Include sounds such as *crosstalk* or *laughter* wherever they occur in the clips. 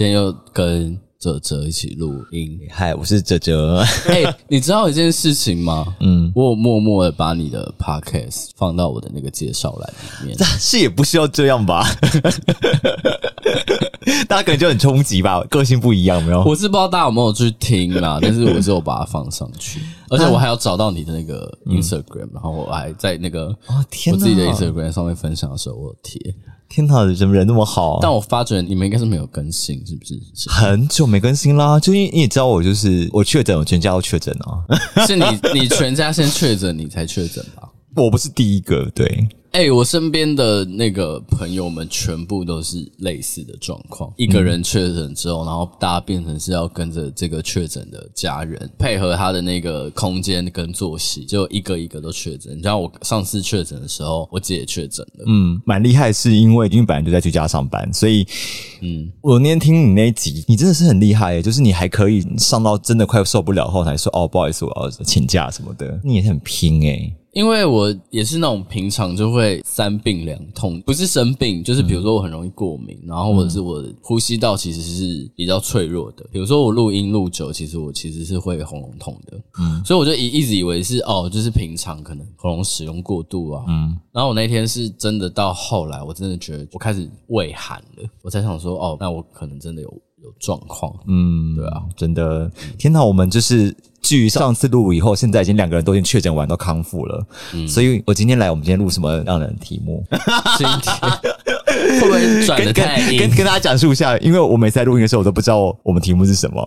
今天又跟澤澤一起錄音，嗨，我是澤澤。哎、欸，你知道有一件事情嗎？嗯，我默默的把你的 podcast 放到我的那個介紹欄裡面。但是也不需要這樣吧？ *laughs* *laughs* 大家可能就很衝擊吧，個性不一樣，沒有？我是不知道大家有沒有去聽啦、啊，但是我只有把它放上去，而且我還要找到你的那個 Instagram，、啊嗯、然後我還在那個、哦、我自己的 Instagram 上面分享的時候，我有貼。天哪，人怎麼人那麼好、啊？但我發覺你們應該是沒有更新，是不是？是很久沒更新啦，就因為你也知道，我就是我確診，我全家都確診了。是、嗯、 *laughs* 你，你全家先確診，你才確診吧？我不是第一個，對。哎、欸，我身邊的那個朋友們全部都是類似的狀況。一個人確診之後，然後大家變成是要跟着這個確診的家人配合他的那個空間跟作息，就一個一個都確診。你知道我上次確診的時候，我自己也確診了。嗯，蠻厲害，是因為因為本來就在居家上班，所以嗯，我那天聽你那一集，你真的是很厲害、欸，就是你還可以上到真的快受不了後才說，後才說哦，不好意思，我要請假什麼的，你也很拼哎、欸。因為我也是那種平常就會三病兩痛，不是生病，就是比如說我很容易過敏，嗯、然後或者是我呼吸道其實是比較脆弱的。比如說我錄音錄久，其實我其實是會喉嚨痛的。嗯，所以我就一一直以為是哦，就是平常可能喉嚨使用過度啊。嗯，然後我那天是真的到後來，我真的覺得我開始胃寒了，我才想說哦，那我可能真的有有狀況。嗯，對啊，真的。天哪，我們就是。距上次錄以後，現在已經兩個人都已經確診完，都康復了。嗯、所以，我今天來，我們今天錄什麼樣的題目？今天會不會轉的太硬？跟跟大家講述一下，因為我每次在錄音的時候，我都不知道我們題目是什麼。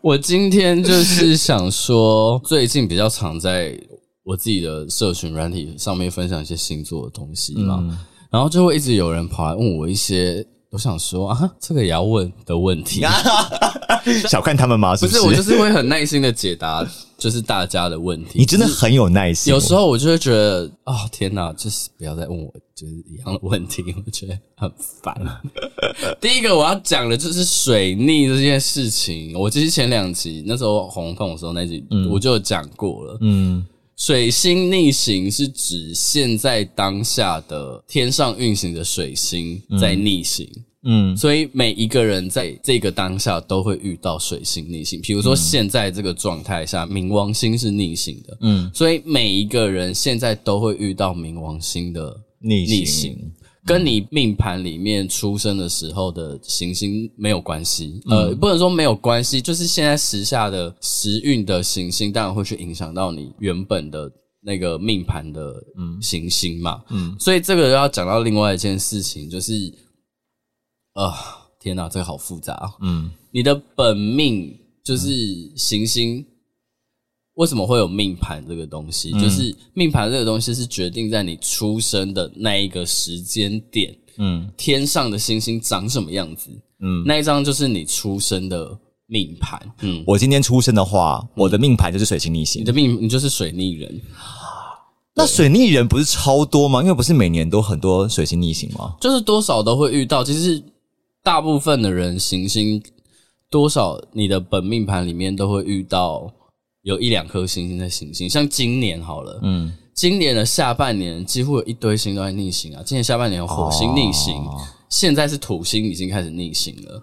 我今天就是想說，最近比較常在我自己的社群軟體上面分享一些星座的東西嘛，嗯、然後就會一直有人跑來問我一些。我想說啊，這個也要問的問題， *laughs* 小看他們嗎是不是？不是，我就是會很耐心的解答，就是大家的問題。你真的很有耐心。有時候我就會覺得，哦天哪，就是不要再問我就是一樣的問題，我覺得很煩、啊。 *laughs* 第一個我要講的就是水逆這件事情，我其實前兩集那時候喉嚨痛的時候那集，嗯、我就有講過了，嗯。水星逆行是指現在當下的天上運行的水星在逆行，嗯，嗯，所以每一個人在這個當下都會遇到水星逆行。比如說現在這個狀態下，冥王星是逆行的，嗯，所以每一個人現在都會遇到冥王星的逆行。逆行。跟你命盤裡面出生的時候的行星沒有關係，呃，嗯嗯、不能說沒有關係，就是現在時下的時運的行星，當然會去影響到你原本的那個命盤的行星嘛。嗯，所以這個要講到另外一件事情，就是，啊，天哪，這個好複雜哦。嗯，你的本命就是行星。為什麼會有命盤這個東西？嗯，就是命盤這個東西是決定在你出生的那一個時間點，嗯，天上的星星長什麼樣子，嗯，那一張就是你出生的命盤。嗯，我今天出生的話，嗯，我的命盤就是水星逆行。你的命，你就是水逆人。那水逆人不是超多嗎？因為不是每年都很多水星逆行嗎？就是多少都會遇到。其實大部分的人，行星多少你的本命盤裡面都會遇到。有一兩顆星星在逆行，像今年好了，嗯，今年的下半年幾乎有一堆星都在逆行啊。今年下半年火星逆行，哦、現在是土星已經開始逆行了，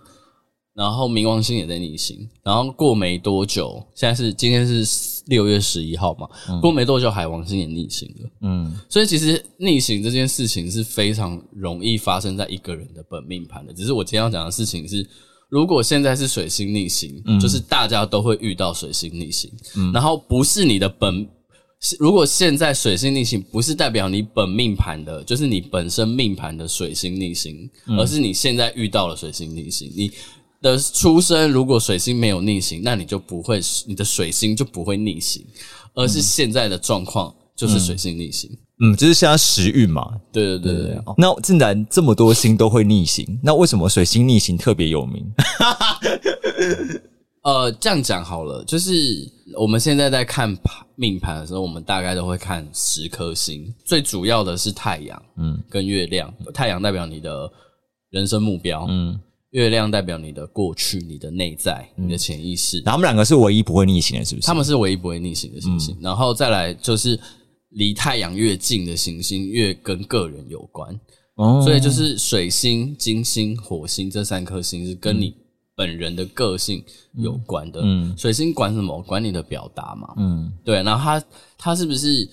然後冥王星也在逆行，然後過沒多久，現在是今天是六月十一號嘛，嗯、過沒多久海王星也逆行了，嗯，所以其實逆行這件事情是非常容易發生在一個人的本命盤的，只是我今天要講的事情是。如果現在是水星逆行，嗯、就是大家都會遇到水星逆行。嗯、然後不是你的本，如果現在水星逆行，不是代表你本命盤的，就是你本身命盤的水星逆行，嗯、而是你現在遇到了水星逆行。你的出生如果水星沒有逆行，那你就不會，你的水星就不會逆行，而是現在的狀況。嗯就是水星逆行，嗯，嗯，就是現在時運嘛。對對對對。那既然這麼多星都會逆行，那為什麼水星逆行特別有名？ *laughs* 呃，這樣講好了，就是我們現在在看盤命盤的時候，我們大概都會看十顆星，最主要的是太陽，嗯，跟月亮。太陽代表你的人生目標，嗯，月亮代表你的過去、你的內在、嗯、你的潛意識。然後，他們兩個是唯一不會逆行的，是不是？他們是唯一不會逆行的星星。嗯、然後再來就是。離太陽越近的行星越跟個人有關哦，所以就是水星、金星、火星這三顆星是跟你本人的個性有關的。嗯，水星管什麼？管你的表達嘛。嗯，對。然後它它是不是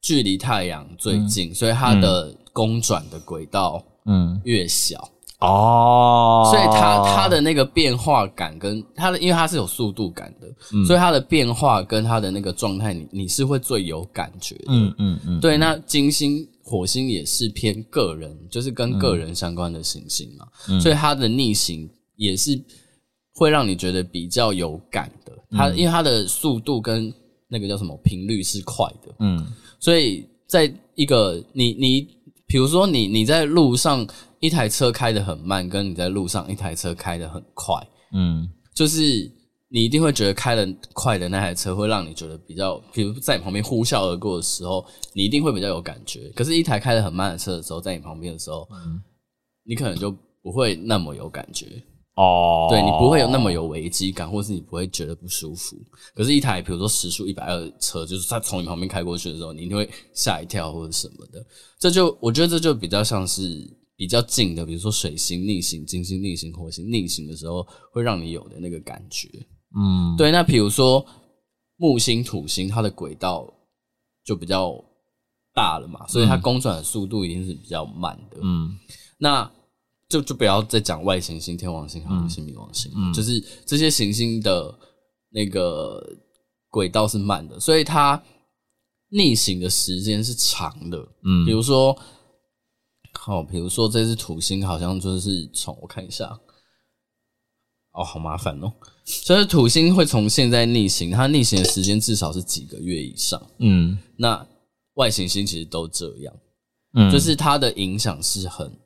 距離太陽最近？所以它的公轉的軌道嗯越小。哦，oh, 所以它它的那個變化感跟它的，因為它是有速度感的，嗯、所以它的變化跟它的那個狀態，你你是會最有感覺的，嗯嗯嗯。嗯嗯對，那金星、火星也是偏個人，就是跟個人相關的行星嘛，嗯、所以它的逆行也是會讓你覺得比較有感的。它、嗯、因為它的速度跟那個叫什麼頻率是快的，嗯，所以在一個你你。你比如說你，你你在路上一台車開得很慢，跟你在路上一台車開得很快，嗯，就是你一定會覺得開得快的那台車會讓你覺得比較，比如在你旁邊呼嘯而過的時候，你一定會比較有感覺。可是，一台開得很慢的車的時候，在你旁邊的時候，嗯，你可能就不會那麼有感覺。哦，oh. 對，你不會有那麼有危機感，或是你不會覺得不舒服。可是，一台比如說時速一百二的車，就是它從你旁邊開過去的時候，你一定會嚇一跳或者什麼的。這就我覺得這就比較像是比較近的，比如說水星逆行、金星逆行、火星逆行的時候，會讓你有的那個感覺。嗯，mm. 對。那比如說木星、土星，它的軌道就比較大了嘛，所以它公轉的速度一定是比較慢的。嗯，mm. 那。就就不要再講外行星，天王星、海王星、冥、嗯、王星，嗯、就是這些行星的那個軌道是慢的，所以它逆行的時間是長的。嗯，比如說，好，比如說這次土星好像就是從我看一下，哦，好麻煩哦、喔，所以土星會從現在逆行，它逆行的時間至少是幾個月以上。嗯，那外行星其實都這樣，嗯，就是它的影響是很。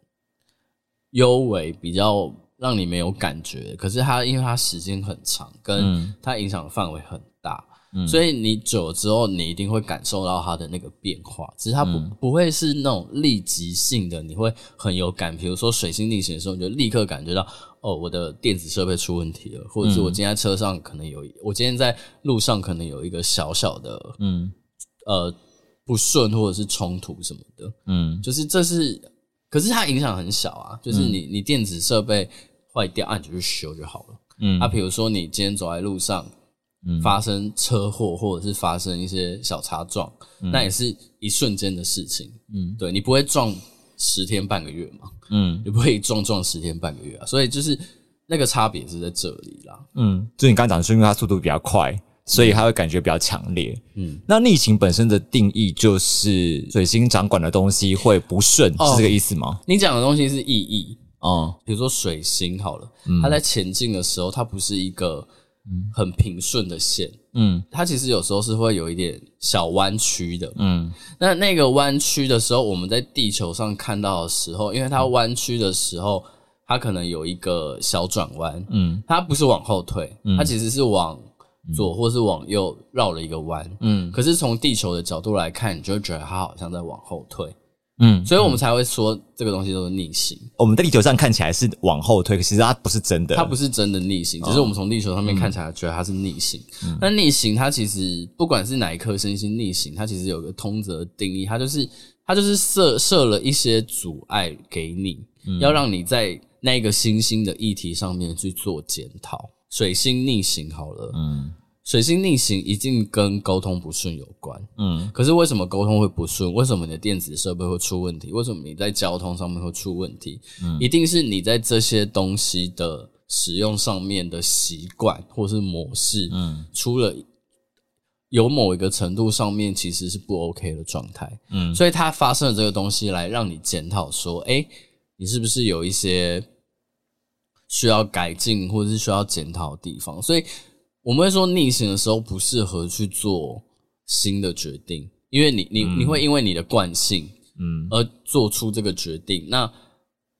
幽微，比較讓你沒有感覺，可是它因為它時間很長，跟它影響的範圍很大，嗯、所以你久了之後，你一定會感受到它的那個變化。其實它不、嗯、不會是那種立即性的，你會很有感。比如說水星逆行的時候，你就立刻感覺到哦，我的電子設備出問題了，或者是我今天在車上可能有，我今天在路上可能有一個小小的嗯呃不順，或者是衝突什麼的，嗯，就是這是。可是它影響很小啊，就是你你電子設備壞掉，按下去修就好了。嗯，啊，比如說你今天走在路上，發生車禍，嗯、或者是發生一些小擦撞，嗯、那也是一瞬間的事情。嗯，對，你不會撞十天半個月嘛。嗯，你不會撞撞十天半個月啊。所以就是那個差別是在這裡啦。嗯，就你剛才講，是因為它速度比較快。所以他會感覺比較強烈。嗯，那逆行本身的定義就是水星掌管的東西會不順，哦、是這個意思嗎？你講的東西是意義啊、嗯，比如說水星好了，嗯，它在前進的時候，它不是一個很平順的線，嗯，它其實有時候是會有一點小彎曲的，嗯，那那個彎曲的時候，我們在地球上看到的時候，因為它彎曲的時候，它可能有一個小轉彎，嗯，它不是往後退，它其實是往。左或是往右繞了一個彎，嗯，可是從地球的角度來看，你就會覺得它好像在往後退，嗯，所以我們才會說這個東西都是逆行。我們在地球上看起來是往後退，可是其實它不是真的，它不是真的逆行，哦、只是我們從地球上面看起來覺得它是逆行。那、嗯、逆行它其實不管是哪一顆星星逆行，它其實有個通則定義，它就是它就是設設了一些阻礙給你，嗯、要讓你在那個星星的議題上面去做檢討。水星逆行好了，嗯，水星逆行一定跟溝通不順有關，嗯，可是為什麼溝通會不順？為什麼你的電子設備會出問題？為什麼你在交通上面會出問題？嗯，一定是你在這些東西的使用上面的習慣或是模式，嗯，出了有某一個程度上面其實是不 OK 的狀態，嗯，所以它發生了這個東西來讓你檢討說，哎、欸，你是不是有一些？需要改進或者是需要檢討的地方，所以我們會說逆行的時候不適合去做新的決定，因為你你你會因為你的慣性，嗯，而做出這個決定。那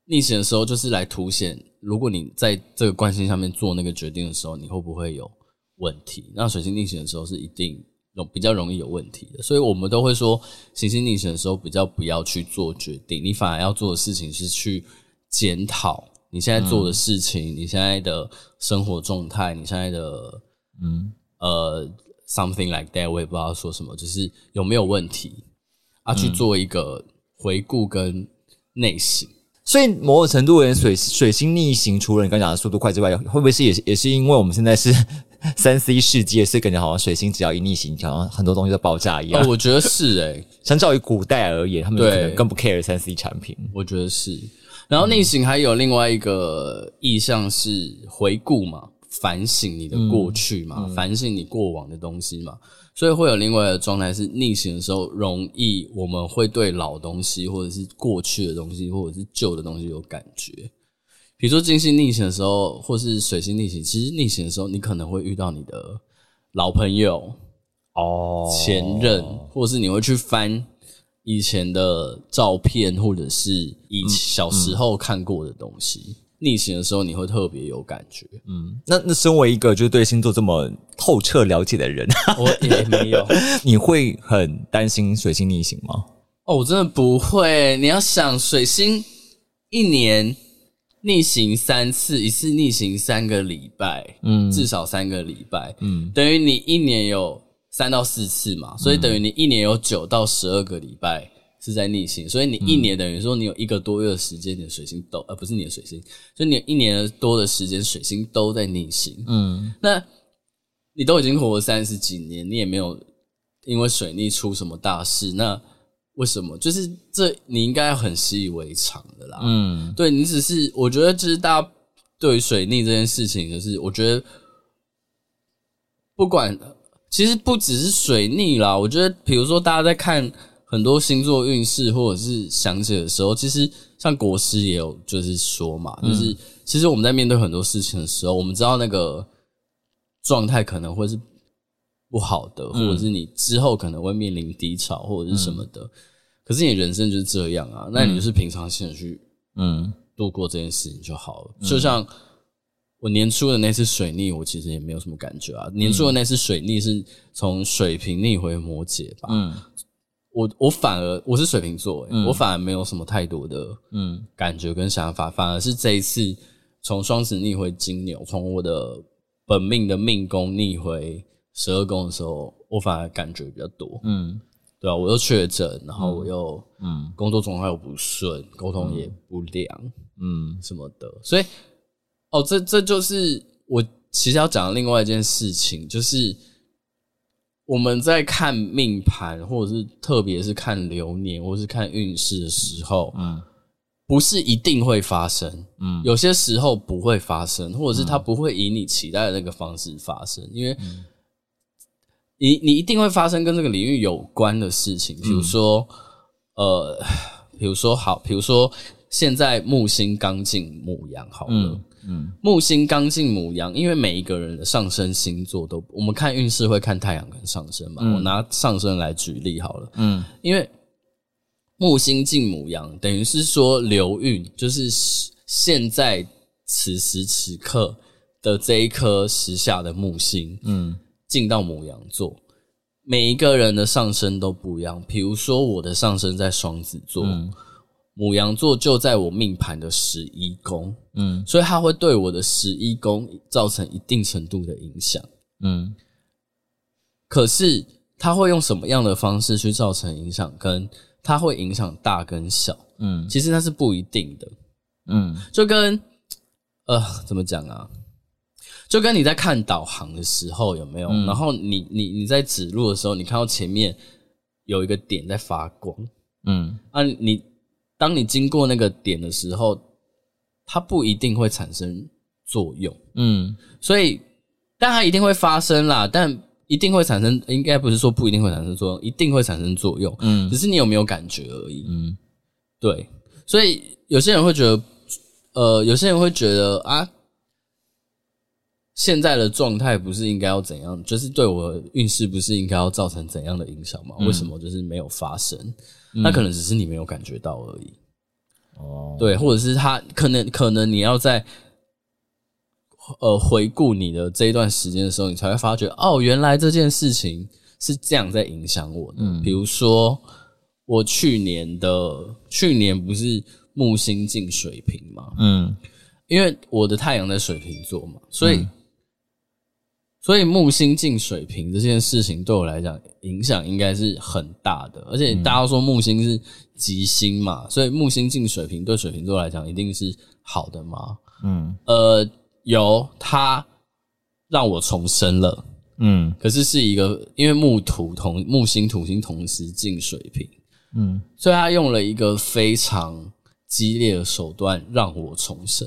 逆行的時候就是來凸顯，如果你在這個慣性上面做那個決定的時候，你會不會有問題？那水星逆行的時候是一定容比較容易有問題的，所以我們都會說行星逆行的時候比較不要去做決定，你反而要做的事情是去檢討。你現在做的事情，嗯、你現在的生活狀態，你現在的嗯呃、uh，something like that，我也不知道說什麼，就是有沒有問題、嗯、啊？去做一個回顧跟內省。所以某種程度而言、嗯，水水星逆行，除了你剛講的速度快之外，會不會是也也是因為我們現在是三 C 世界，所以感覺好像水星只要一逆行，好像很多東西都爆炸一樣。啊、我覺得是誒、欸，相較於古代而言，他們更不 care 三 C 產品。我覺得是。然後逆行還有另外一個意象是回顧嘛，反省你的過去嘛，嗯嗯、反省你過往的東西嘛，所以會有另外一個狀態是逆行的時候容易，我們會對老東西或者是過去的東西或者是舊的東西有感覺。比如說金星逆行的時候，或是水星逆行，其實逆行的時候你可能會遇到你的老朋友哦，前任，哦、或者是你會去翻。以前的照片，或者是以小時候看過的東西，嗯嗯、逆行的時候你會特別有感覺。嗯，那那身為一個就對星座這麼透徹了解的人，我也沒有。 *laughs* 你會很擔心水星逆行嗎？哦，我真的不會。你要想水星一年逆行三次，一次逆行三個禮拜，嗯，至少三個禮拜，嗯，等於你一年有。三到四次嘛，所以等於你一年有九到十二個禮拜是在逆行，嗯、所以你一年等於說，你有一個多月的時間，你的水星都呃、啊、不是你的水星，就你有一年多的時間水星都在逆行。嗯，那你都已經活了三十幾年，你也沒有因為水逆出什麼大事，那為什麼？就是這，你應該很習以為常的啦。嗯，對，你只是我覺得就是大家對於水逆這件事情，就是我覺得不管。其實不只是水逆啦，我覺得，比如說大家在看很多星座運勢或者是詳解的時候，其實像國師也有就是說嘛，嗯、就是其實我們在面對很多事情的時候，我們知道那個狀態可能會是不好的，嗯、或者是你之後可能會面臨低潮或者是什麼的。嗯、可是你的人生就是這樣啊，那你就是平常心的去嗯度過這件事情就好了，嗯、就像。我年初的那次水逆，我其實也沒有什麼感覺啊。年初的那次水逆是從水瓶逆回摩羯吧。嗯，我我反而我是水瓶座，欸，我反而沒有什麼太多的嗯感覺跟想法，反而是這一次從雙子逆回金牛，從我的本命的命宮逆回十二宮的時候，我反而感覺比較多。嗯，對啊，我又確診，然後我又嗯工作狀況又不順，溝通也不良，嗯，什麼的，所以。哦，這這就是我其實要講的另外一件事情，就是我們在看命盤，或者是特別是看流年，或者是看運勢的時候，嗯，不是一定會發生，嗯，有些時候不會發生，或者是它不會以你期待的那個方式發生，嗯、因為你你一定會發生跟這個領域有關的事情，比如說、嗯、呃，比如說好，比如說現在木星剛進牧羊，好了。嗯嗯、木星剛進牡羊，因為每一個人的上升星座都，我們看運勢會看太陽跟上升嘛。嗯、我拿上升來舉例好了。嗯，因為木星進牡羊，等於是說流運，就是現在此時此刻的這一顆時下的木星，嗯，進到牡羊座，每一個人的上升都不一樣。比如說我的上升在雙子座。嗯母羊座就在我命盤的十一宮，嗯，所以它會對我的十一宮造成一定程度的影響，嗯。可是它會用什麼樣的方式去造成影響？跟它會影響大跟小，嗯，其實那是不一定的，嗯。就跟呃，怎麼講啊？就跟你在看導航的時候有沒有？嗯、然後你你你在指路的時候，你看到前面有一個點在發光，嗯，啊你。當你經過那個點的時候，它不一定會產生作用，嗯，所以，但它一定會發生啦，但一定會產生，應該不是說不一定會產生作用，一定會產生作用，嗯，只是你有沒有感覺而已，嗯，對，所以有些人會覺得，呃，有些人會覺得啊，現在的狀態不是應該要怎樣，就是對我運勢不是應該要造成怎樣的影響嗎？為什麼就是沒有發生？嗯嗯嗯、那可能只是你沒有感覺到而已，哦，對，或者是他可能可能你要在，呃，回顧你的這一段時間的時候，你才會發覺哦，原來這件事情是這樣在影響我的。嗯、比如說我去年的去年不是木星進水瓶嘛，嗯，因為我的太陽在水瓶座嘛，所以。嗯所以木星進水瓶這件事情對我來講影響應該是很大的，而且大家都說木星是吉星嘛，所以木星進水瓶對水瓶座來講一定是好的嗎？嗯，呃，有，它讓我重生了。嗯，可是是一個，因為木土同木星土星同時進水瓶，嗯，所以它用了一個非常激烈的手段讓我重生。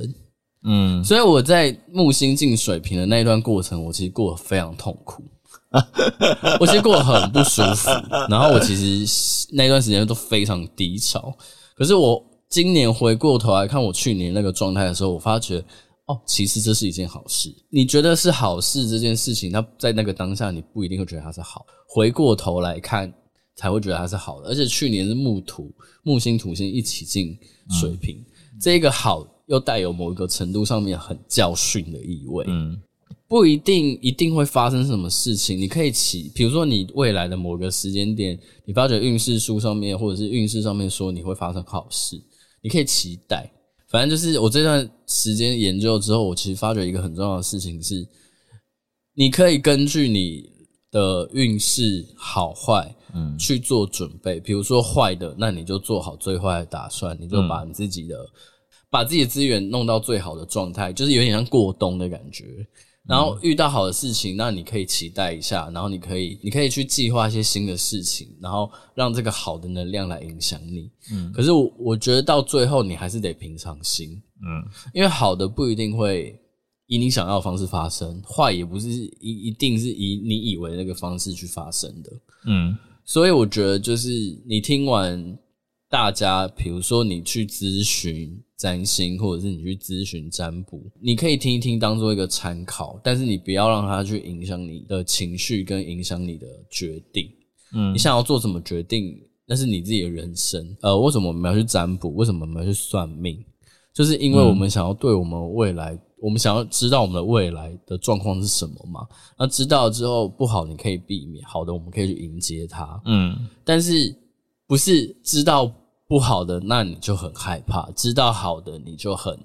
嗯，所以我在木星進水瓶的那一段過程，我其實過得非常痛苦， *laughs* 我其實過得很不舒服。然後我其實那段時間都非常低潮。可是我今年回過頭來看我去年那個狀態的時候，我發覺哦，其實這是一件好事。你覺得是好事這件事情，它在那個當下你不一定會覺得它是好，回過頭來看才會覺得它是好的。而且去年是木土、木星、土星一起進水瓶。嗯這個好又帶有某一個程度上面很教訓的意味，嗯，不一定一定會發生什麼事情。你可以期，比如說你未來的某個時間點，你發覺運勢書上面或者是運勢上面說你會發生好事，你可以期待。反正就是我這段時間研究之後，我其實發覺一個很重要的事情是，你可以根據你。的運勢好壞，嗯，去做準備。比如說壞的，那你就做好最壞的打算，你就把你自己的，嗯、把自己的資源弄到最好的狀態，就是有點像過冬的感覺。然後遇到好的事情，那你可以期待一下，然後你可以你可以去計劃一些新的事情，然後讓這個好的能量來影響你。嗯，可是我我覺得到最後你還是得平常心，嗯，因為好的不一定會。以你想要的方式發生，壞也不是一一定是以你以為的那個方式去發生的，嗯，所以我覺得就是你聽完大家，比如說你去諮詢占星，或者是你去諮詢占卜，你可以聽一聽當作一個參考，但是你不要讓它去影響你的情緒跟影響你的決定，嗯，你想要做什麼決定，那是你自己的人生，呃，為什麼我們要去占卜？為什麼我們要去算命？就是因為我們想要對我們未來。我們想要知道我們的未來的狀況是什麼嗎？那知道之後不好，你可以避免；好的，我們可以去迎接它。嗯，但是不是知道不好的，那你就很害怕；知道好的，你就很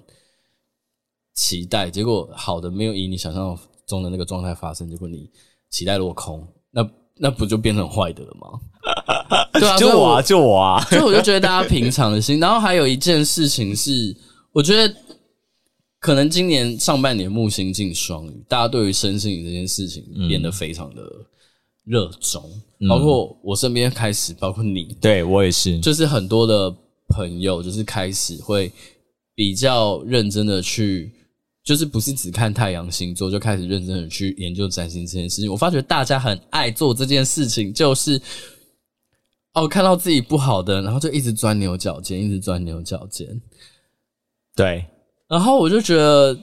期待。結果好的沒有以你想象中的那個狀態發生，結果你期待落空，那那不就變成壞的了嗎？嗯、對啊，所以我，就我啊，就我啊，所以我就覺得大家平常的心。然後還有一件事情是，我覺得。可能今年上半年木星進雙魚，大家對於身心靈這件事情變得非常的熱衷，嗯、包括我身邊開始，包括你，對，我也是，就是很多的朋友，就是開始會比較認真的去，就是不是只看太陽星座，就開始認真的去研究占星這件事情。我發覺大家很愛做這件事情，就是哦，看到自己不好的，然後就一直鑽牛角尖，一直鑽牛角尖，對。然後我就覺得，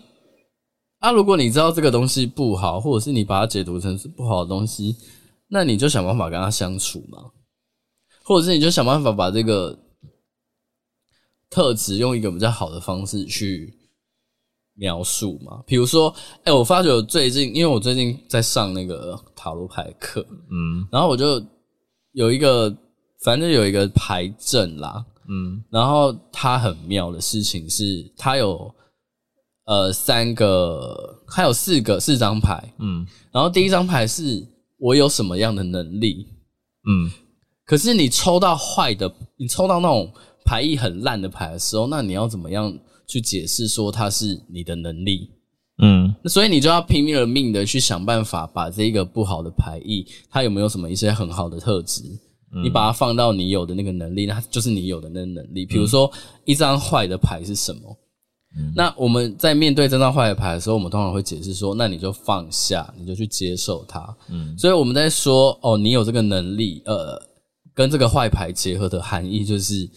啊，如果你知道這個東西不好，或者是你把它解讀成是不好的東西，那你就想辦法跟他相處嘛，或者是你就想辦法把這個特質用一個比較好的方式去描述嘛。比如說，哎、欸，我發覺我最近，因為我最近在上那個塔羅牌課，嗯，然後我就有一個，反正有一個牌陣啦。嗯，然後它很妙的事情是，它有呃三個，還有四個四張牌，嗯，然後第一張牌是我有什麼樣的能力，嗯，可是你抽到壞的，你抽到那種牌意很爛的牌的時候，那你要怎麼樣去解釋說它是你的能力？嗯，那所以你就要拼命的命的去想辦法，把這個不好的牌意，它有沒有什麼一些很好的特質？你把它放到你有的那個能力，那就是你有的那個能力。比如說，一張壞的牌是什麼？嗯，那我們在面對這張壞的牌的時候，我們通常會解釋說：那你就放下，你就去接受它。嗯，所以我們在說：哦，你有這個能力，呃，跟這個壞牌結合的含義就是：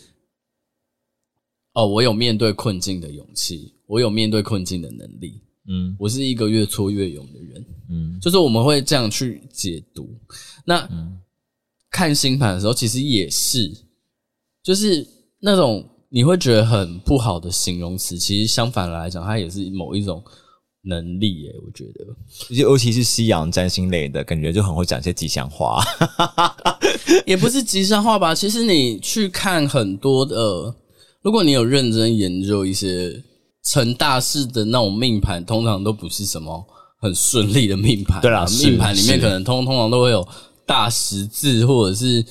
哦，我有面對困境的勇氣，我有面對困境的能力。嗯，我是一個越挫越勇的人。嗯，就是我們會這樣去解讀。那，嗯看星盤的時候，其實也是，就是那種你會覺得很不好的形容詞，其實相反來講，它也是某一種能力耶、欸。我覺得，就尤其是西洋占星類的感覺，就很會講一些吉祥話，也不是吉祥話吧？其實你去看很多的，如果你有認真研究一些成大事的那種命盤，通常都不是什麼很順利的命盤。對啦，命盤裡面可能通通常都會有。大十字或者是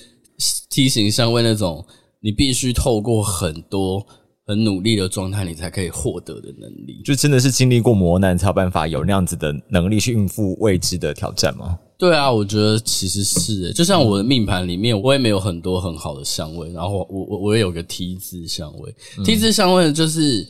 T 型相位那種，你必須透過很多很努力的狀態，你才可以獲得的能力，就真的是經歷過磨難才有辦法有那樣子的能力去應付未知的挑戰嗎？對啊，我覺得其實是，就像我的命盤裡面，我也沒有很多很好的相位，然後我我我也有個 T 字相位，嗯、，T 字相位就是。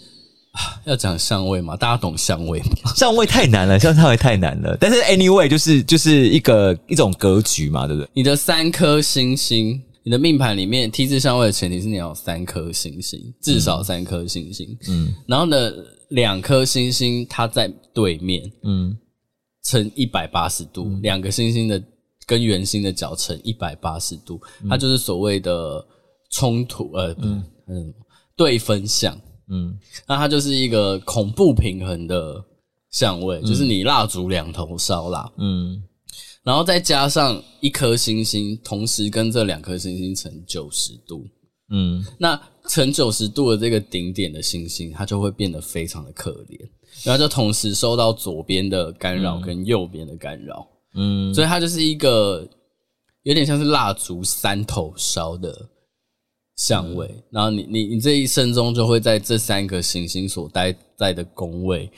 要講相位嘛，大家懂相位嗎？相位太難了，相位太難了。但是 anyway 就是就是一個一種格局嘛，對不對？你的三顆星星，你的命盤裡面 T 字相位的前提是你有三顆星星，至少三顆星星。嗯，然後呢，兩顆星星它在對面，嗯，呈一百八十度，兩、嗯、個星星的跟圓心的角呈一百八十度，嗯、它就是所謂的衝突，呃，嗯，嗯對分相。嗯，那它就是一個恐怖平衡的相位，嗯、就是你蠟燭兩頭燒啦，嗯，然後再加上一顆星星，同時跟這兩顆星星成九十度。嗯，那成九十度的這個頂點的星星，它就會變得非常的可憐，然後就同時受到左邊的干擾跟右邊的干擾。嗯，所以它就是一個有點像是蠟燭三頭燒的。相位，然後你你你這一生中就會在這三個行星所待在的宮位，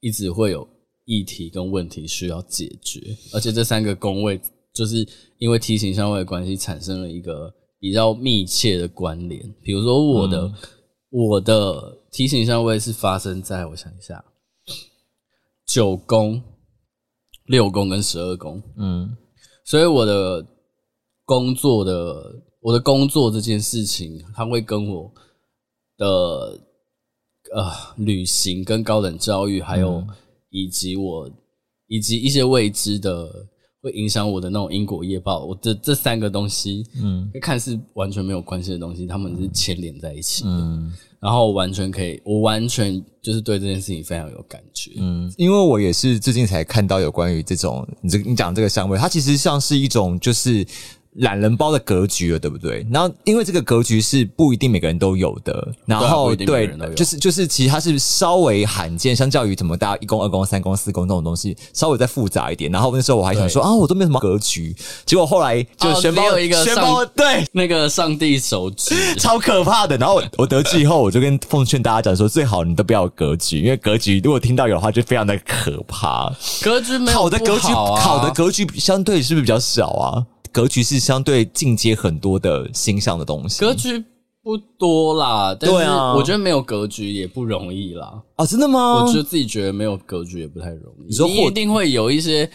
一直會有議題跟問題需要解決，而且這三個宮位就是因為 T 型相位的關係產生了一個比較密切的關聯。比如說我的、嗯、我的 T 型相位是發生在我想一下九宮、六宮跟十二宮，嗯，所以我的工作的。我的工作這件事情，它會跟我的呃、呃旅行、跟高等教育，還有以及我以及一些未知的，會影響我的那種因果業報。我的這三個東西，嗯，看似完全沒有關係的東西，它們是牽連在一起的嗯。嗯，然後完全可以，我完全就是對這件事情非常有感覺。嗯，因為我也是最近才看到有關於這種，你這你講這個相位，它其實像是一種就是。懶人包的格局了，對不對？然後因為這個格局是不一定每個人都有的，然後對、啊、對，就是就是，其實它是稍微罕見，相較於什麼大家一宮二宮三宮四宮這種東西，稍微再複雜一點。然後那時候我還想說對啊，我都沒什麼格局，結果後來就全包、啊、一個，全包對，那個上帝手指，超可怕的。然後我，我得知以後，我就跟奉勸大家講說， *laughs* 最好你都不要有格局，因為格局如果聽到有的話，就非常的可怕。格局沒有好，啊，好的格局好的格局相對是不是比較少啊？格局是相對進階很多的星象的東西。格局不多啦，啊，但是我覺得沒有格局也不容易啦。啊，真的嗎？我就自己覺得沒有格局也不太容易。你說一定會有一些，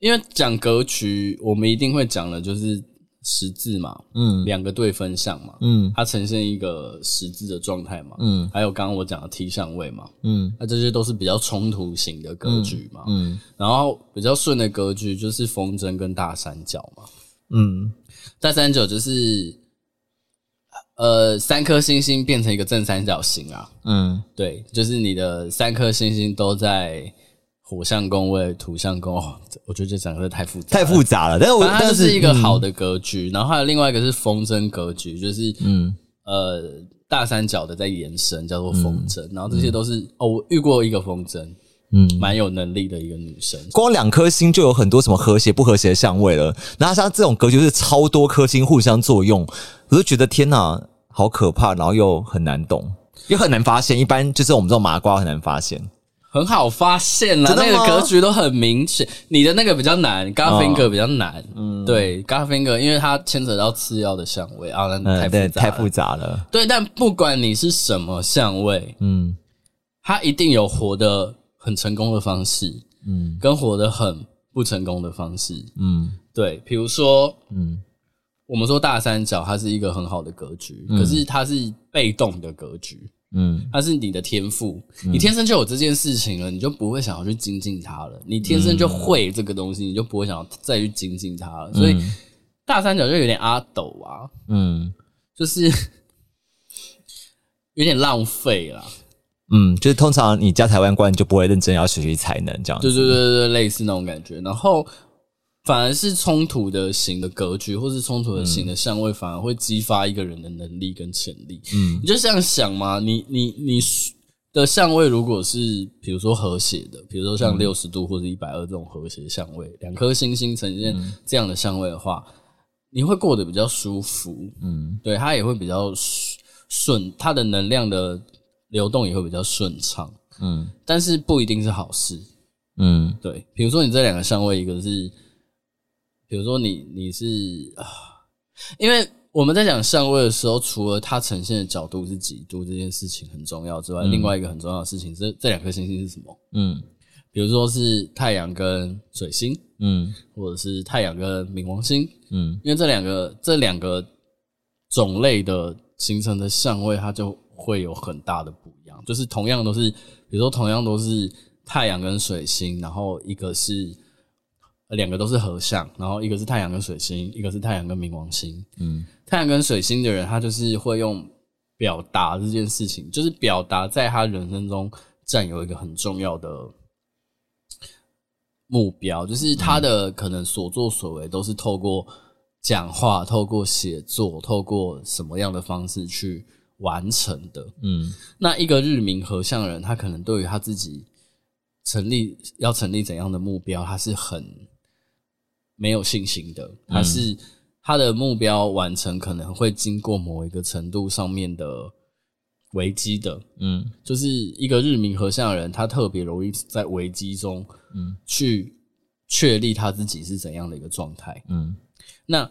因為講格局，我們一定會講的就是十字嘛，嗯，兩個對分相嘛，嗯，它呈現一個十字的狀態嘛，嗯，還有剛剛我講的 T 相位嘛，嗯，那這些都是比較衝突型的格局嘛，嗯，嗯，然後比較順的格局就是風箏跟大三角嘛。嗯，大三角就是，呃，三顆星星變成一個正三角形啊。嗯，對，就是你的三顆星星都在火象宮位、土象宮，我覺得這三個太複雜了，太複雜了。但是我覺得它就是一個好的格局。嗯、然後還有另外一個是風箏格局，就是嗯，呃，大三角的在延伸，叫做風箏。嗯、然後這些都是、嗯、哦，我遇過一個風箏。嗯，蠻有能力的一個女生。光兩顆星就有很多什麼和諧不和諧的相位了。然後像這種格局是超多顆星互相作用，我就覺得天哪，好可怕，然後又很難懂，又很難發現。一般就是我們這種麻瓜很難發現。很好發現啦，那個格局都很明顯。你的那個比較難，God finger，哦、比較難。嗯，對，God finger，因為它牽扯到次要的相位啊，那太複雜了。嗯、對，太複雜了。對，但不管你是什麼相位，嗯，它一定有活的。很成功的方式，嗯，跟活得很不成功的方式，嗯，對，比如說，嗯，我們說大三角它是一個很好的格局，嗯、可是它是被動的格局，嗯，它是你的天賦，嗯、你天生就有這件事情了，你就不會想要去精進它了，你天生就會這個東西，你就不會想要再去精進它了，所以、嗯、大三角就有點阿斗啊，嗯，就是 *laughs* 有點浪費了。嗯，就是通常你家財萬貫就不會認真要學習才能這樣，對對對對，類似那種感覺。然後反而是衝突的型的格局，或是衝突的型的相位，反而會激發一個人的能力跟潛力。嗯，你就這樣想嘛，你你你的相位如果是比如說和諧的，比如說像六十度或者一百二十這種和諧相位，兩顆星星呈現這樣的相位的話，你會過得比較舒服。嗯，對，它也會比較順，它的能量的，流動也會比較順暢，嗯，但是不一定是好事，嗯，對，比如說你這兩個相位，一個是，比如說你你是啊，因為我們在講相位的時候，除了它呈現的角度是幾度這件事情很重要之外，嗯，另外一個很重要的事情是這兩顆星星是什麼，嗯，比如說是太陽跟水星，嗯，或者是太陽跟冥王星，嗯，因為這兩個這兩個種類的形成的相位，它就。會有很大的不一樣，就是同樣都是，比如說同樣都是太陽跟水星，然後一個是兩個都是合相，然後一個是太陽跟水星，一個是太陽跟冥王星。嗯，太陽跟水星的人，他就是會用表達這件事情，就是表達在他人生中占有一個很重要的目標，就是他的可能所作所為都是透過講話，透過寫作，透過什麼樣的方式去。完成的，嗯，那一個日冥合相的人，他可能對於他自己成立要成立怎樣的目標，他是很沒有信心的，嗯、他是他的目標完成可能會經過某一個程度上面的危機的，嗯，就是一個日冥合相的人，他特別容易在危機中，嗯，去確立他自己是怎樣的一個狀態，嗯，那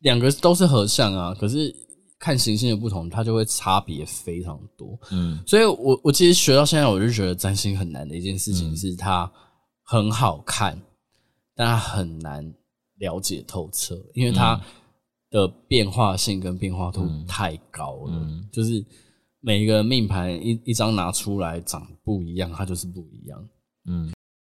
兩個都是合相啊，可是。看行星的不同，它就會差別非常多。嗯，所以我，我我其實學到現在，我就覺得占星很難的一件事情是它很好看，嗯、但它很難了解透徹，因為它的變化性跟變化度太高了。嗯嗯、就是每一個命盤一一張拿出來長不一樣，它就是不一樣。嗯。